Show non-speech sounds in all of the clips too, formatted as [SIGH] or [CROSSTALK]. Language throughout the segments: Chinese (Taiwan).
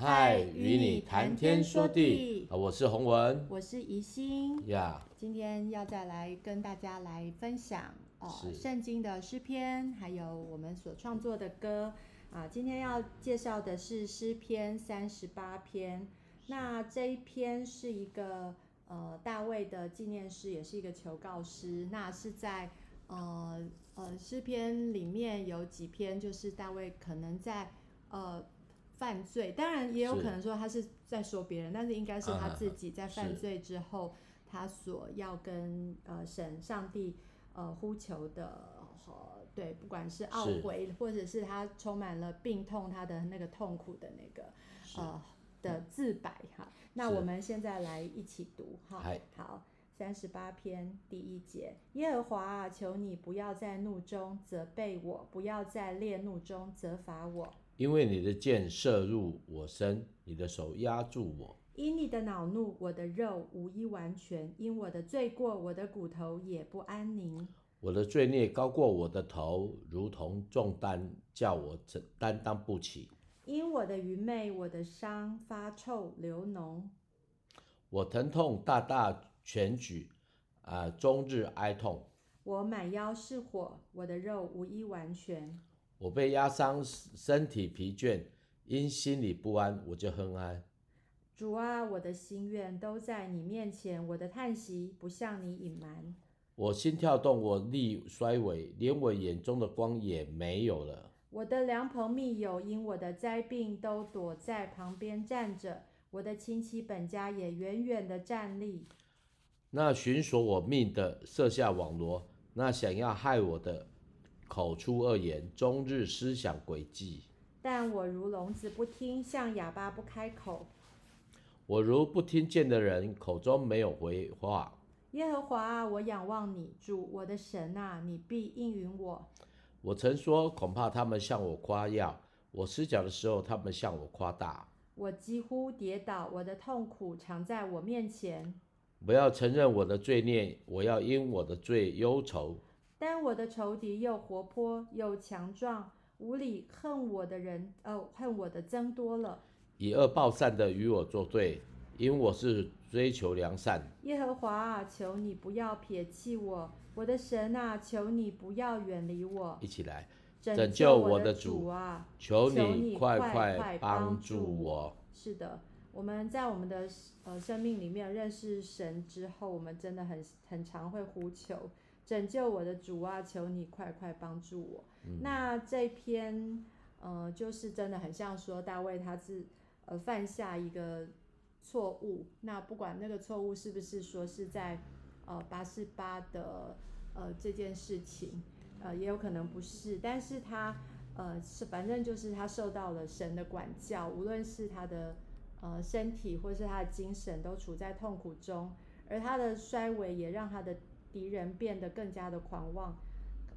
嗨，與 Hi, 你談天說地。我是洪文，我是怡心 Yeah 今天要再來跟大家來分享聖、呃、是經的詩篇，還有我們所創作的歌啊、呃。今天要介紹的是詩篇三十八篇。是那這一篇是一個呃大衛的紀念詩，也是一個求告詩。那是在呃詩、呃、篇裡面有幾篇，就是大衛可能在呃。犯罪，當然也有可能說他是在說別人，是但是應該是他自己在犯罪之後，uh huh. 他所要跟呃神、上帝呃呼求的和、呃、對，不管是懊悔，是或者是他充滿了病痛，他的那個痛苦的那個是呃的自白哈、嗯啊。那我們現在來一起讀是哈，い好，三十八篇第一節，耶和華啊，求你不要在怒中責備我，不要在烈怒中責罰我。因為你的箭射入我身，你的手壓住我。因你的惱怒，我的肉無一完全；因我的罪過，我的骨頭也不安寧。我的罪孽高過我的頭，如同重擔，叫我擔當不起。因我的愚昧，我的傷發臭流膿。我疼痛大大蜷曲，啊、呃，終日哀痛。我滿腰是火，我的肉無一完全。我被壓傷，身體疲倦，因心裡不安，我就唉哼。主啊，我的心願都在你面前，我的嘆息不向你隱瞞。我心跳動，我力衰微，連我眼中的光也沒有了。我的良朋密友因我的災病都躲在旁邊站着，我的親戚本家也遠遠的站立。那尋索我命的設下網羅，那想要害我的。口出惡言，終日思想詭計。但我如聾子不聽，像啞巴不開口。我如不聽見的人，口中沒有回話。耶和華啊，我仰望你，主我的神啊，你必應允我。我曾說恐怕他們向我誇耀，我失腳的時候他們向我誇大。我幾乎跌倒，我的痛苦常在我面前。不要承認我的罪孽，我要因我的罪憂愁。但我的仇敵又活潑又強壯，無理恨我的人，呃，恨我的增多了，以惡報善的與我作對，因為我是追求良善。耶和華啊，求你不要撇棄我，我的神啊，求你不要遠離我。一起來拯救，拯救我的主啊，求你快快，求你快快幫助我。是的，我們在我們的呃生命裡面認識神之後，我們真的很很常會呼求。拯救我的主啊，求你快快幫助我。那這篇，呃，就是真的很像說大衛他，他是呃犯下一個錯誤。那不管那個錯誤是不是說是在呃拔示巴的呃這件事情，呃也有可能不是。但是他呃是反正就是他受到了神的管教，無論是他的呃身體或是他的精神都處在痛苦中，而他的衰微也讓他的。敵人變得更加的狂妄，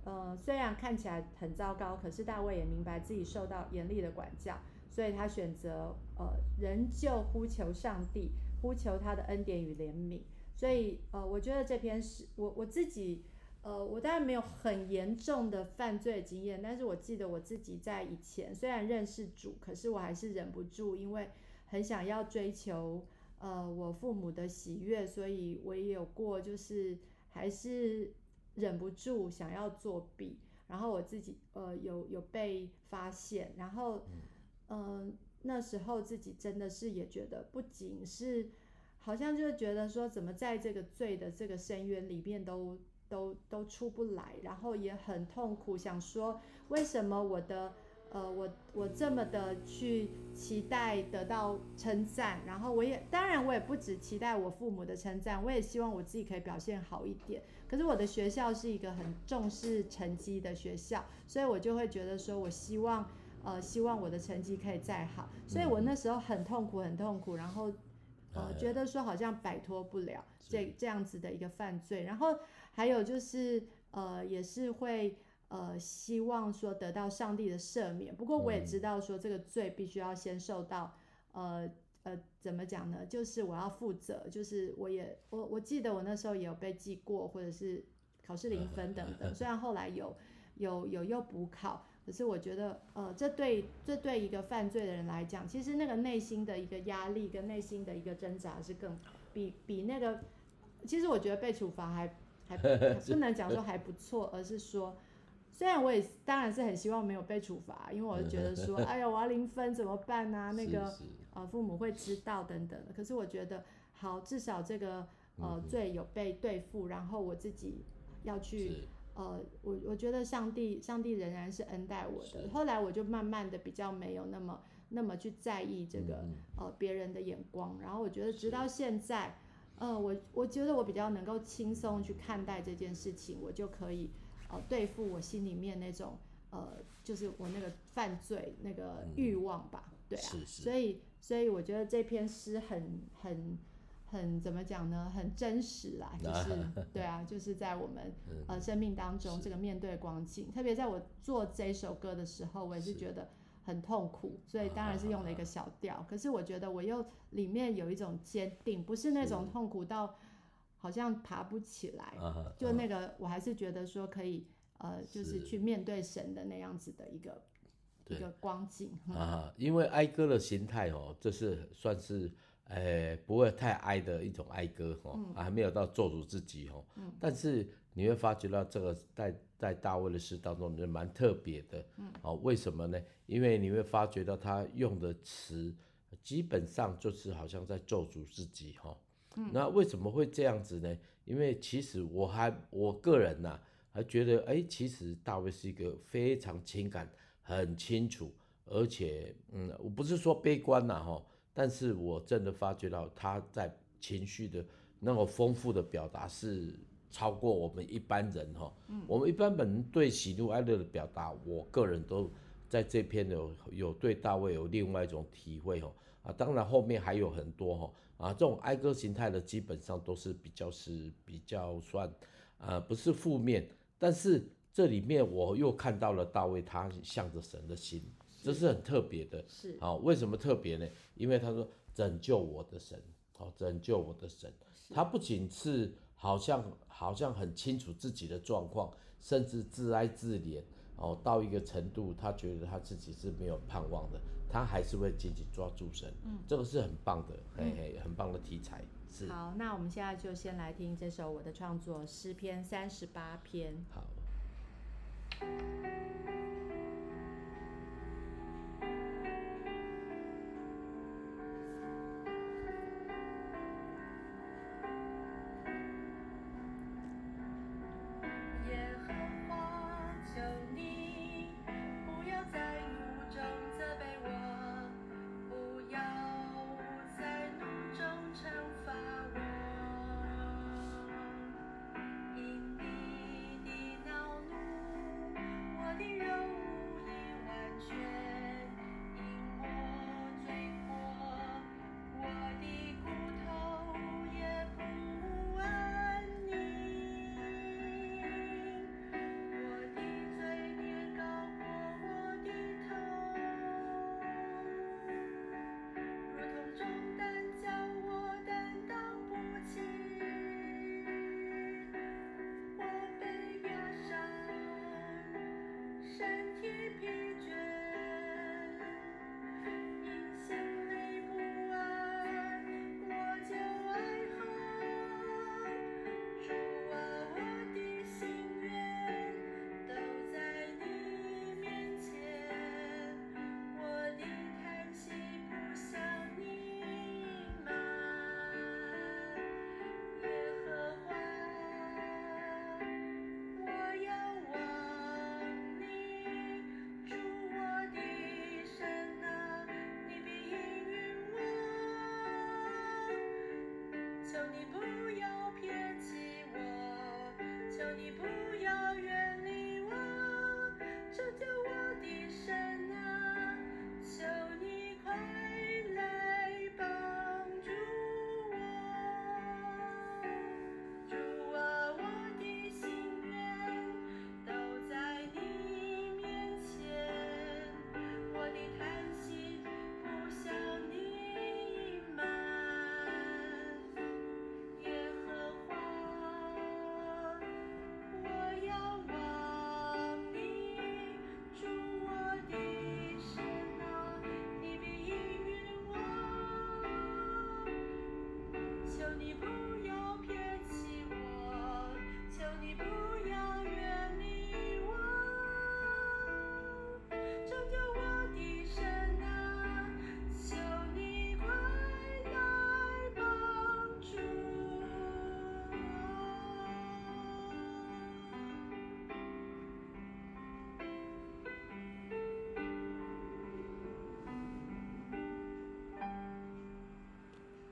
呃，雖然看起來很糟糕，可是大衛也明白自己受到嚴厲的管教，所以他選擇呃，仍舊呼求上帝，呼求他的恩典與憐憫。所以呃，我覺得這篇是，我我自己呃，我當然沒有很嚴重的犯罪的經驗，但是我記得我自己在以前雖然認識主，可是我還是忍不住，因為很想要追求呃我父母的喜悅，所以我也有過就是。還是忍不住想要作弊，然後我自己呃有有被發現，然後嗯、呃、那時候自己真的是也覺得不僅是好像就覺得說，怎麼在這個罪的這個深淵裡面都都都出不來，然後也很痛苦，想說為什麼我的。呃，我我這麼的去期待得到稱讚，然後我也當然我也不只期待我父母的稱讚，我也希望我自己可以表現好一點。可是我的學校是一個很重視成績的學校，所以我就會覺得說，我希望呃，希望我的成績可以再好。所以我那時候很痛苦，很痛苦，然後呃，覺得說好像擺脫不了這是這樣子的一個犯罪。然後還有就是呃，也是會。呃，希望說得到上帝的赦免，不過我也知道說，這個罪必須要先受到，嗯、呃呃，怎麼講呢？就是我要負責，就是我也我我記得我那時候也有被記過，或者是考試零分等等。 [LAUGHS] 雖然後來有有有、有又補考，可是我覺得呃，這對這對一個犯罪的人來講，其實那個內心的一個壓力跟內心的一個掙扎是更比比那個，其實我覺得被處罰還還不能講說還不錯， [LAUGHS] 而是說。雖然我也當然是很希望沒有被處罰，因為我覺得說， [LAUGHS] 哎呀，我要零分怎麼辦啊， [LAUGHS] 那個呃，父母會知道等等，可是我覺得好，至少這個呃、mm hmm. 罪有被對付，然後我自己要去是呃，我我覺得上帝上帝仍然是恩待我的。是後來我就慢慢的比較沒有那麼那麼去在意這個、mm hmm. 呃別人的眼光，然後我覺得直到現在，是呃，我我覺得我比較能夠輕鬆去看待這件事情，我就可以。哦，對付我心裡面那種呃，就是我那個犯罪那個慾望吧，嗯、對啊，是是所以所以我覺得這篇詩很很很怎麼講呢？很真實啦，就是 [LAUGHS] 對啊，就是在我們 [LAUGHS] 呃生命當中、嗯、這個面對光景，是特別在我做這一首歌的時候，我也是覺得很痛苦，是所以當然是用了一個小調。 [LAUGHS] 可是我覺得我又裡面有一種堅定，不是那種痛苦到。好像爬不起來，啊、哈就那個，我還是覺得說可以，啊、哈呃，是就是去面對神的那樣子的一個對一個光景。啊哈，嗯、因為哀歌的形態哦，這是算是呃、欸、不會太哀的一種哀歌哈、喔，嗯、還沒有到咒詛自己哦、喔。嗯、但是你會發覺到這個在在大衛的詩當中，就蠻特別的。哦、嗯喔，為什麼呢？因為你會發覺到他用的詞，基本上就是好像在咒詛自己哈、喔。那為什麼會這樣子呢？因為其實我還我個人吶，還覺得哎，其實大衛是一個非常情感很清楚，而且嗯，我不是說悲觀吶哈，但是我真的發覺到他在情緒的那麼豐富的表達是超過我們一般人哈。嗯。我們一般人對喜怒哀樂的表達，我個人都在這篇有有對大衛有另外一種體會哈。啊，當然後面還有很多哈，啊，這種哀歌形態的基本上都是比較是比較算，呃，不是負面，但是這裡面我又看到了大衛他向着神的心，是這是很特別的，是啊，為什麼特別呢？因為他說拯救我的神，哦、啊，拯救我的神，是他不僅是好像好像很清楚自己的狀況，甚至自哀自憐，哦、啊，到一個程度，他覺得他自己是沒有盼望的。他還是會緊緊抓住神，嗯，這個是很棒的，嗯、嘿嘿，很棒的題材。是好，那我們現在就先來聽這首我的創作詩篇三十八篇。好。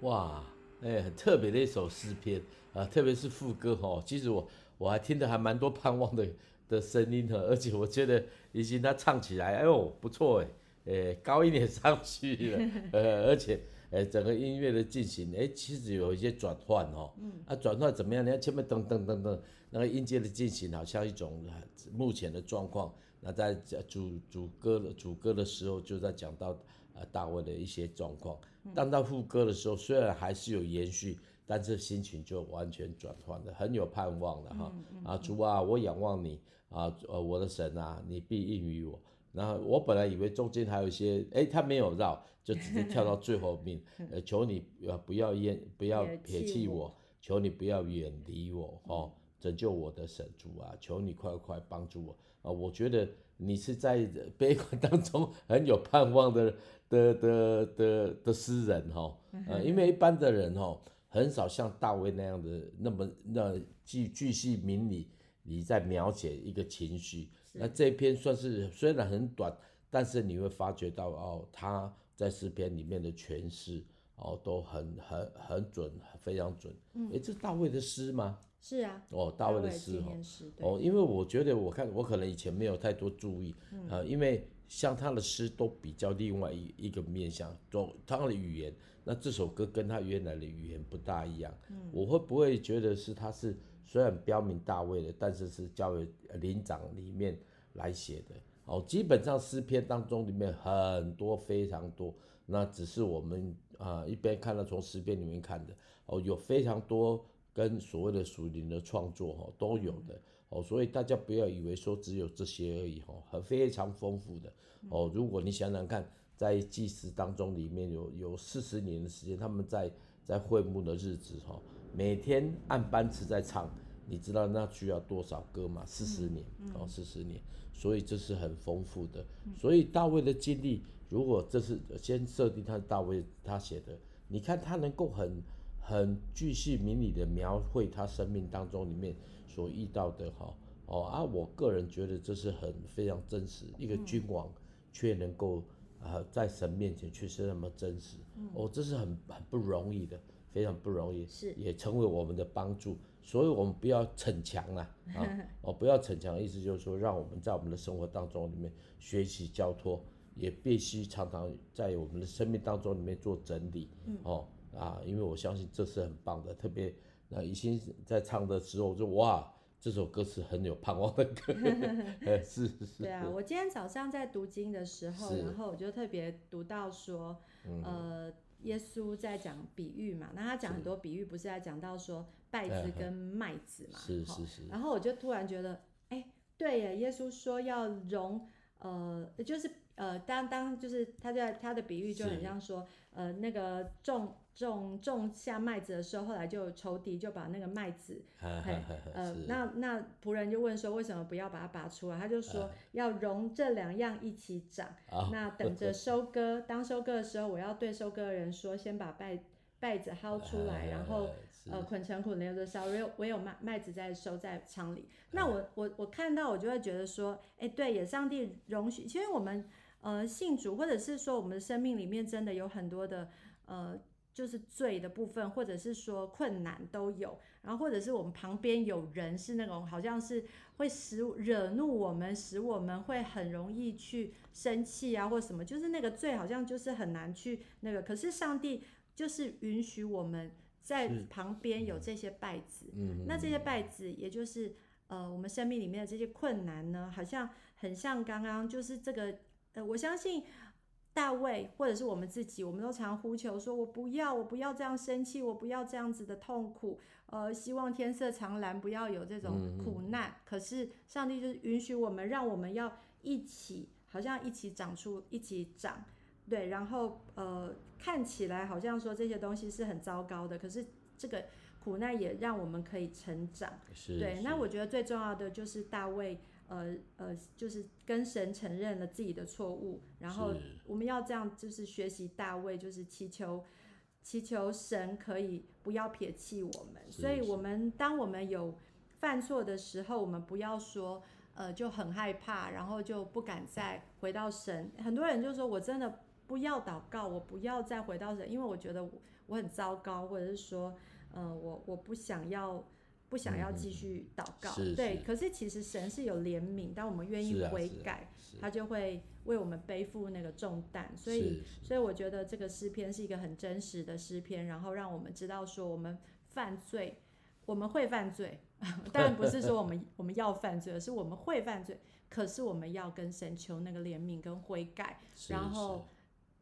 哇，哎、欸，很特別的一首詩篇啊，特別是副歌哈。其實我我還聽得還蠻多盼望的的聲音呢，而且我覺得已經他唱起來，哎喲不錯哎，哎、欸、高音也上去了， [LAUGHS] 呃，而且哎、欸、整個音樂的進行，哎、欸、其實有一些轉換哦，嗯，啊轉換怎麼樣？你看前面噔噔噔噔，那個音階的進行好像一種目前的狀況，那在主主歌的主歌的時候就在講到。大衛的一些狀況，但到副歌的時候，雖然還是有延續，但是心情就完全轉換了，很有盼望的哈。嗯嗯、啊主啊，我仰望你啊，呃、啊、我的神啊，你必應於我。然後我本來以為中間還有一些，哎他沒有繞，就直接跳到最後面， [LAUGHS] 呃求你呃不要厭，不要撇棄我，求你不要遠離我哈、啊，拯救我的神主啊，求你快快幫助我啊，我覺得。你是在悲觀當中很有盼望的的的的的詩人哈，呃、嗯，因為一般的人哦，很少像大衛那樣的那麼那具具細明理，你在描寫一個情緒。是那這篇算是雖然很短，但是你會發覺到哦，他在詩篇裡面的詮釋。哦，都很很很準，非常準。嗯，哎，這大衛的詩嗎？是啊。哦，大衛的詩哦，詩哦，因為我覺得，我看我可能以前沒有太多注意啊、嗯呃，因為像他的詩都比較另外一一個面向，就他的語言。那這首歌跟他原來的語言不大一樣，嗯、我會不會覺得是他是雖然標明大衛的，但是是教呃，靈長裡面來寫的？哦，基本上詩篇當中裡面很多非常多，那只是我們。啊，一邊看了從詩篇裡面看的，哦，有非常多跟所謂的屬靈的創作哈、哦，都有的哦，所以大家不要以為說只有這些而已哈，很、哦、非常豐富的哦。如果你想想看，在祭司當中裡面有有四十年的時間，他們在在會幕的日子哈、哦，每天按班次在唱，你知道那需要多少歌嗎？四十年、嗯嗯、哦，四十年。所以這是很豐富的，所以大衛的經歷，如果這是先設定他是大衛他寫的，你看他能夠很很巨細明理地描繪他生命當中裡面所遇到的哈哦啊，我個人覺得這是很非常真實，一個君王卻能夠啊、呃，在神面前卻是那麼真實，哦這是很很不容易的，非常不容易，是也成為我們的幫助。所以我們不要逞強啊！啊 [LAUGHS] 哦，不要逞強，意思就是說，讓我們在我們的生活當中裡面學習交託，也必須常常在我們的生命當中裡面做整理。嗯、哦啊，因為我相信這是很棒的，特別那一心在唱的時候我就哇，這首歌詞很有盼望的歌，是 [LAUGHS] [LAUGHS] 是。是是對啊，是我今天早上在讀經的時候，是然後我就特別讀到說，嗯、呃。耶穌在講比喻嘛，那他講很多比喻，是不是在講到說稗子跟麥子嘛？是是是，是。然後我就突然覺得，哎，對耶，耶穌說要容，呃，就是。呃，當當就是他在他的比喻就很像說，是呃，那個種種種下麥子的時候，後來就仇敵就把那個麥子，哎， [LAUGHS] 呃，是那那僕人就問說，為什麼不要把它拔出來？他就說要容這兩樣一起長， [LAUGHS] 那等着收割。當收割的時候，我要對收割的人說，先把麥稗子薅出來， [LAUGHS] 然後 [LAUGHS] 是呃捆成捆留着燒。我有我有麥麥子在收在倉裡， [LAUGHS] 那我我我看到我就會覺得說，哎、欸，對，也上帝容許，其實我們。呃，信主，或者是說，我們的生命裡面真的有很多的，呃，就是罪的部分，或者是說困難都有，然後，或者是我們旁邊有人是那種，好像是會使惹怒我們，使我們會很容易去生氣啊，或什麼，就是那個罪好像就是很難去那個。可是上帝就是允許我們在旁邊有這些稗子，是那這些稗子，也就是呃，我們生命裡面的這些困難呢，好像很像剛剛就是這個。我相信大衛，或者是我們自己，我們都常呼求說：“我不要，我不要這樣生氣，我不要這樣子的痛苦。”呃，希望天色常藍，不要有這種苦難。嗯、可是上帝就是允許我們，讓我們要一起，好像一起長出，一起長，對。然後呃，看起來好像說這些東西是很糟糕的，可是這個苦難也讓我們可以成長。是對，是那我覺得最重要的就是大衛。呃呃，就是跟神承認了自己的錯誤，然後我們要這樣，就是學習大衛，就是祈求祈求神可以不要撇棄我們。是所以，我們是當我們有犯錯的時候，我們不要說呃就很害怕，然後就不敢再回到神。嗯、很多人就說：“我真的不要禱告，我不要再回到神，因為我覺得我很糟糕，或者是說，呃，我我不想要。”不想要繼續禱告，嗯、是是對。可是其實神是有憐憫，但我們願意悔改，他、啊啊、就會為我們背負那個重擔。所以，是是所以我覺得這個詩篇是一個很真實的詩篇，然後讓我們知道說，我們犯罪，我們會犯罪，當然不是說我們 [LAUGHS] 我們要犯罪，而是我們會犯罪。可是我們要跟神求那個憐憫跟悔改，然後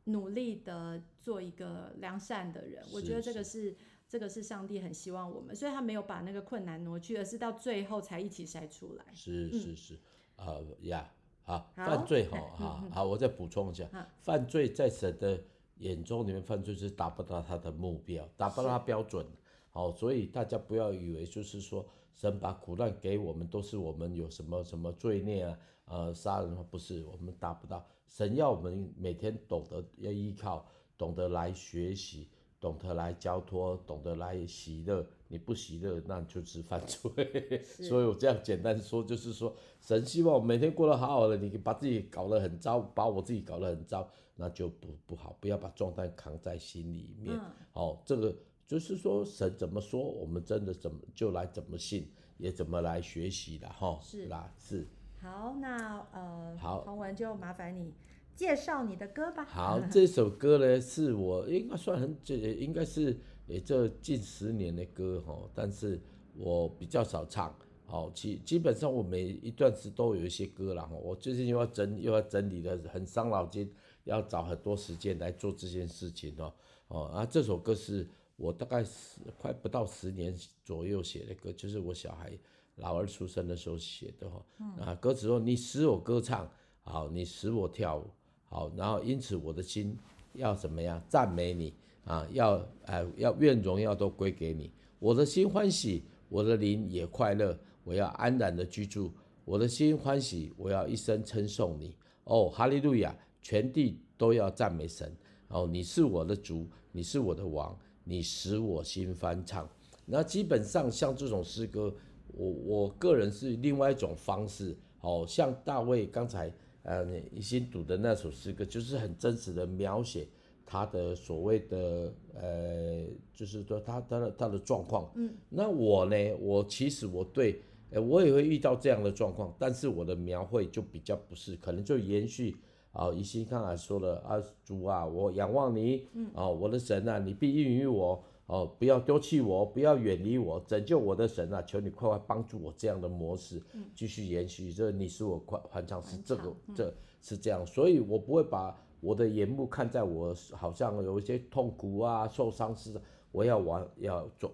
努力的做一個良善的人。是是我覺得這個是。這個是上帝很希望我們，所以他沒有把那個困難挪去，而是到最後才一起篩出來。是是是，啊呀，啊，犯罪哈啊，好，我再補充一下，犯罪在神的眼中，裡面，犯罪是達不到他的目標，達不到他標準。好，所以大家不要以為就是說，神把苦難給我們，都是我們有什麼什麼罪孽啊？呃，殺人嗎？不是，我們達不到。神要我們每天懂得要依靠，懂得來學習。懂得來交託，懂得來喜樂。你不喜樂，那就是犯罪。 [LAUGHS] 是所以我這樣簡單說，就是說，神希望我每天過得好好的。你把自己搞得很糟，把我自己搞得很糟，那就不不好。不要把狀態扛在心裡面。嗯、哦，這個就是說，神怎麼說，我們真的怎麼就來怎麼信，也怎麼來學習的哈。是啦，是。好，那呃，好，宏文就麻煩你。介紹你的歌吧。好，這首歌呢，是我應該算很久，應該是也就近十年的歌哈，但是我比較少唱。好、哦，基基本上我每一段時都有一些歌了、哦、我最近又要整又要整理了，很傷腦筋，要找很多時間來做這件事情哦哦。那、哦啊、這首歌是我大概是快不到十年左右寫的歌，就是我小孩老二出生的時候寫的哈。哦嗯、那歌詞說：“你使我歌唱，好，你使我跳舞。”好，然後因此我的心要怎麼樣？讚美你啊！要啊、呃，要願榮耀都歸給你。我的心歡喜，我的靈也快樂。我要安然的居住。我的心歡喜，我要一生稱頌你。哦，哈利路亞！全地都要讚美神。哦，你是我的主，你是我的王，你使我心歡暢。那基本上像這種詩歌，我我個人是另外一種方式。哦，像大衛剛才，呃，一、嗯、心讀的那首詩歌，就是很真實的描寫他的所謂的呃，就是說他的他的他的狀況。嗯，那我呢，我其實我對、呃，我也會遇到這樣的狀況，但是我的描繪就比較不是，可能就延續、哦、啊，一心剛才說的啊主啊，我仰望你，啊、嗯哦、我的神啊，你必應允我。哦，不要丟棄我，不要遠離我，拯救我的神啊！求你快快幫助我，這樣的模式，嗯、繼續延續。這你使我快歡暢，是這個，歡暢，這是這樣，嗯、所以我不會把我的眼目看在我好像有一些痛苦啊、受傷似的。我要往，要轉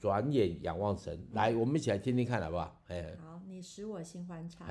轉眼仰望神，嗯、來，我們一起來聽聽看，好不好？哎，好，嘿嘿你使我心歡暢。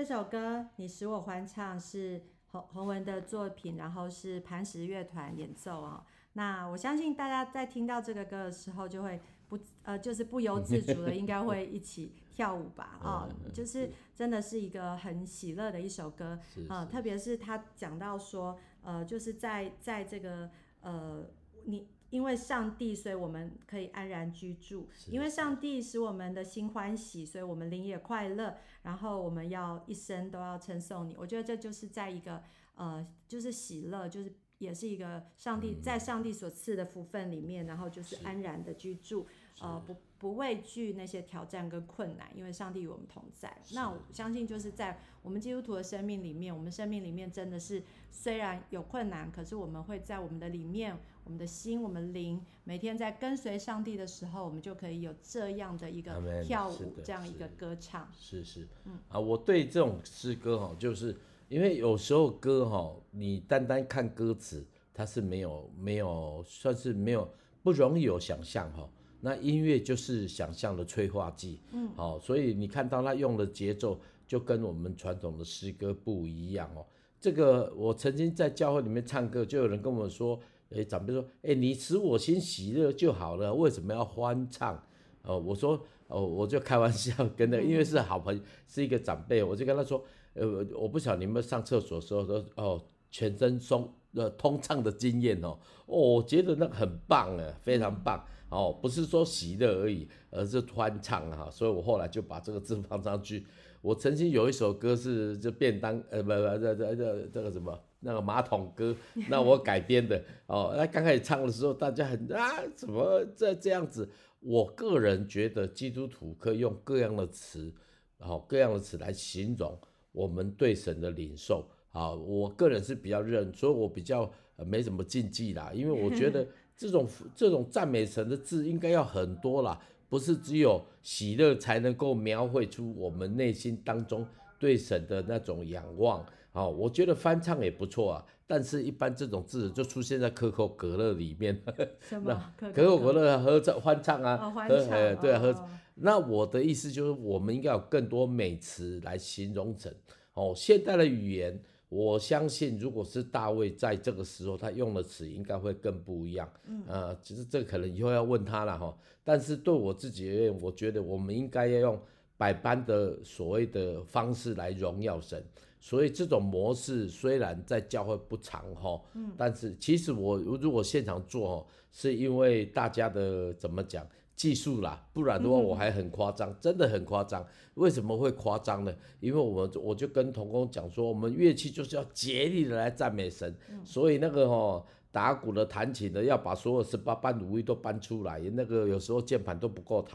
這首歌《你使我歡暢》是洪洪文的作品，然後是磐石樂團演奏哦。那我相信大家在聽到這個歌的時候，就會不呃，就是不由自主的，應該會一起跳舞吧？啊，就是真的是一個很喜樂的一首歌啊是、呃，特別是他講到說，呃，就是在在這個呃你。因為上帝，所以我們可以安然居住；是因為上帝使我們的心歡喜，所以我們靈也快樂。然後我們要一生都要稱頌你。我覺得這就是在一個呃，就是喜樂，就是也是一個上帝、嗯、在上帝所賜的福分裡面，然後就是安然的居住。呃，不。不畏懼那些挑戰跟困難，因為上帝與我們同在。是那我相信，就是在我們基督徒的生命裡面，我們生命裡面真的是雖然有困難，可是我們會在我們的裡面，我們的心，我們靈，每天在跟隨上帝的時候，我們就可以有這樣的一個跳舞，這樣一個歌唱。是是，嗯啊，我對這種詩歌哈，就是因為有時候歌哈，你單單看歌詞，它是沒有沒有算是沒有不容易有想象哈。那音樂就是想象的催化劑，好、嗯哦，所以你看到他用的節奏就跟我們傳統的詩歌不一樣哦。這個我曾經在教會裡面唱歌，就有人跟我說：“哎、欸，長輩說，哎、欸，你使我心喜樂就好了，為什麼要歡暢？”哦，我說，哦，我就開玩笑跟那，因為是好朋友，嗯嗯是一個長輩，我就跟他說：“呃，我不曉得你們上廁所的時候說，哦，全身鬆呃通暢的經驗哦，我覺得那個很棒、啊、非常棒。嗯”哦，不是說喜樂而已，而是歡暢哈、啊，所以，我後來就把這個字放上去。我曾經有一首歌是這便當，呃、不、呃、不，這這這這個什麼那個馬桶歌，那我改編的哦。那剛開始唱的時候，大家很啊，怎麼這這樣子？我個人覺得基督徒可以用各樣的詞，然、哦、後各樣的詞來形容我們對神的領受啊、哦。我個人是比較認，所以我比較、呃、沒什麼禁忌啦，因為我覺得。這種這種讚美神的字應該要很多啦，不是只有喜樂才能夠描繪出我們內心當中對神的那種仰望啊、哦。我覺得翻唱也不錯啊，但是一般這種字就出現在可口可樂裡面。呵呵什麼？那可口可樂合唱歡唱啊？哦、歡唱。呵呵對、啊、喝哦哦，那我的意思就是，我們應該有更多美詞來形容神哦。現代的語言。我相信，如果是大衛在這個時候，他用的詞應該會更不一樣。嗯，呃，其實這可能以後要問他了哈。但是對我自己而言，我覺得我們應該要用百般的所謂的方式來榮耀神。所以這種模式雖然在教會不常哈，但是其實我如果現場做，是因為大家的，怎麼講，技術啦，不然的話我還很誇張，嗯、哼真的很誇張。為什麼會誇張呢？因為我我就跟同工講說，我們樂器就是要竭力的來讚美神，嗯、所以那個齁打鼓的、彈琴的要把所有十八般武藝都搬出來。那個有時候鍵盤都不夠彈，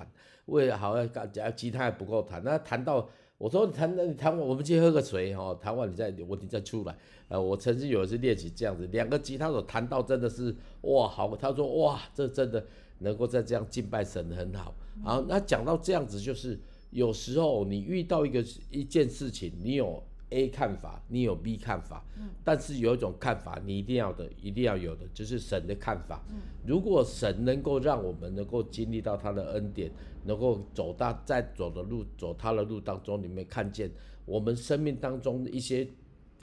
為了好像吉他也不夠彈，那彈到我說你彈彈完我們去喝個水哦，彈、喔、完你再我再出來。呃，我曾經有一次練習這樣子，兩個吉他手彈到真的是哇好，他說哇這真的。能夠在這樣敬拜神很好，嗯、好，那講到這樣子，就是有時候你遇到一個一件事情，你有 A 看法，你有 B 看法，嗯，但是有一種看法你一定要的，一定要有的，就是神的看法。嗯，如果神能夠讓我們能夠經歷到他的恩典，能夠走到在走的路，走他的路當中，裡面看見我們生命當中一些，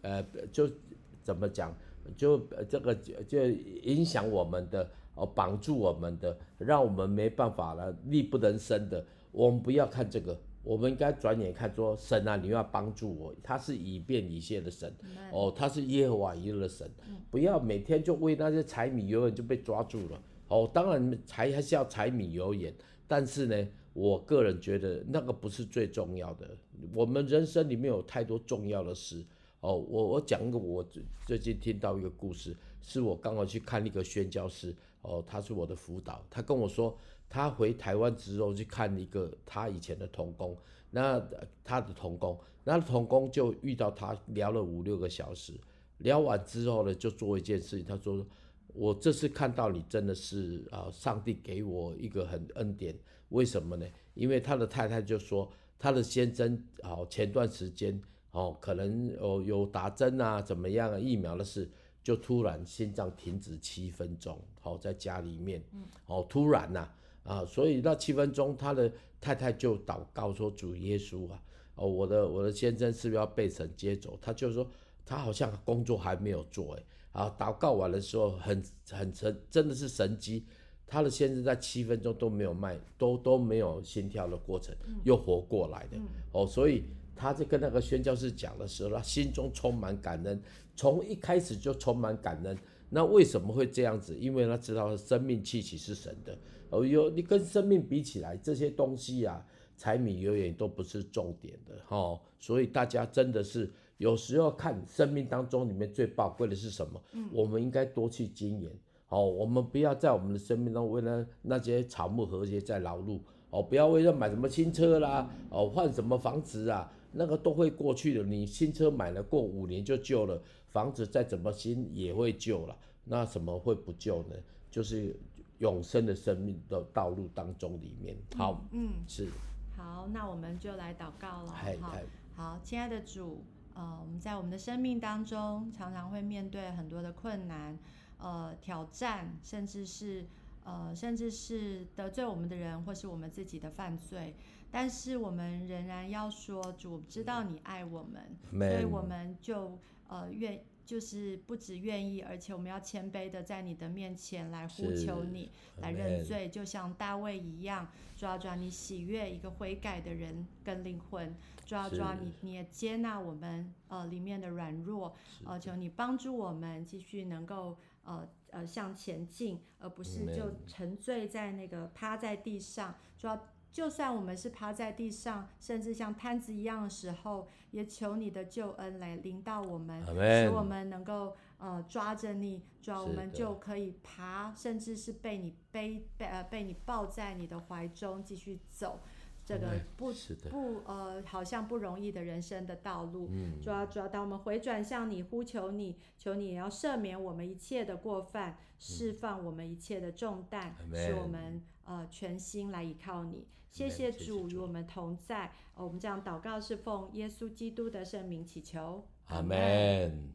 呃，就怎麼講，就這個就影響我們的。嗯哦，綁住我們的，讓我們沒辦法了，力不能伸的。我們不要看這個，我們應該轉眼看說神啊，你要幫助我。他是以便以謝的神，哦，他是耶和華以勒的神。不要每天就為那些柴米油鹽就被抓住了。哦，當然柴還是要柴米油鹽，但是呢，我個人覺得那個不是最重要的。我們人生裡面有太多重要的事。哦，我我講一個我最近聽到一個故事，是我剛剛去看一個宣教師。哦，他是我的輔導，他跟我說，他回台灣之後去看一個他以前的同工，那他的同工，那同工就遇到他聊了五六個小時，聊完之後呢，就做一件事情，他說，我這次看到你真的是啊、哦，上帝給我一個很恩典，為什麼呢？因為他的太太就說，他的先生哦，前段時間哦，可能哦有打針啊，怎麼樣啊，疫苗的事。就突然心臟停止七分鐘，好、哦，在家裡面，哦，突然吶、啊，啊，所以那七分鐘，他的太太就禱告說：“主耶穌啊，哦，我的我的先生是不是要被神接走？”他就說：“他好像工作還沒有做。”哎，啊，禱告完了之後，很很神，真的是神蹟，他的先生在七分鐘都沒有脈，都都沒有心跳的過程，又活過來的。嗯、哦，所以他在跟那個宣教師講的時候，他心中充滿感恩。從一開始就充滿感恩，那為什麼會這樣子？因為他知道生命氣息是神的哦喲，你跟生命比起來，這些東西呀、啊，柴米油鹽都不是重點的哈、哦。所以大家真的是有時候看生命當中裡面最寶貴的是什麼，嗯、我們應該多去經營哦。我們不要在我們的生命當中為了那，那些草木和諧在勞碌哦，不要為了買什麼新車啦哦，換什麼房子啊，那個都會過去的。你新車買了，過五年就舊了。房子再怎麼新也會舊了，那什麼會不舊呢？就是永生的生命的道路當中裡面。好、嗯，嗯，是，好，那我們就來禱告了。嘿，好，好，親愛的主，呃，我們在我們的生命當中常常會面對很多的困難，呃，挑戰，甚至是呃，甚至是得罪我們的人，或是我們自己的犯罪，但是我們仍然要說，主知道你愛我們，嗯、所以我們就。嗯呃，願就是不止願意，而且我們要謙卑的在你的面前來呼求你，是來認罪，啊，就像大衛一樣，抓抓你喜悅一個悔改的人跟靈魂，抓抓你，是你也接納我們呃裡面的軟弱，是呃求你幫助我們繼續能夠呃呃向前進，而不是就沉醉在那個趴在地上抓。就算我們是趴在地上，甚至像癱子一樣的時候，也求你的救恩來臨到我們，Amen. 使我們能夠呃抓着你，抓我們就可以爬，的甚至是被你背呃被你抱在你的懷中繼續走這個不 Amen. 不的呃好像不容易的人生的道路。主要主要，當我們回轉向你呼求你，求你也要赦免我們一切的過犯，嗯、釋放我們一切的重擔，Amen. 使我們呃全心來依靠你。謝謝主與我們同在，oh, 我們這樣禱告是奉耶穌基督的聖名祈求，阿門。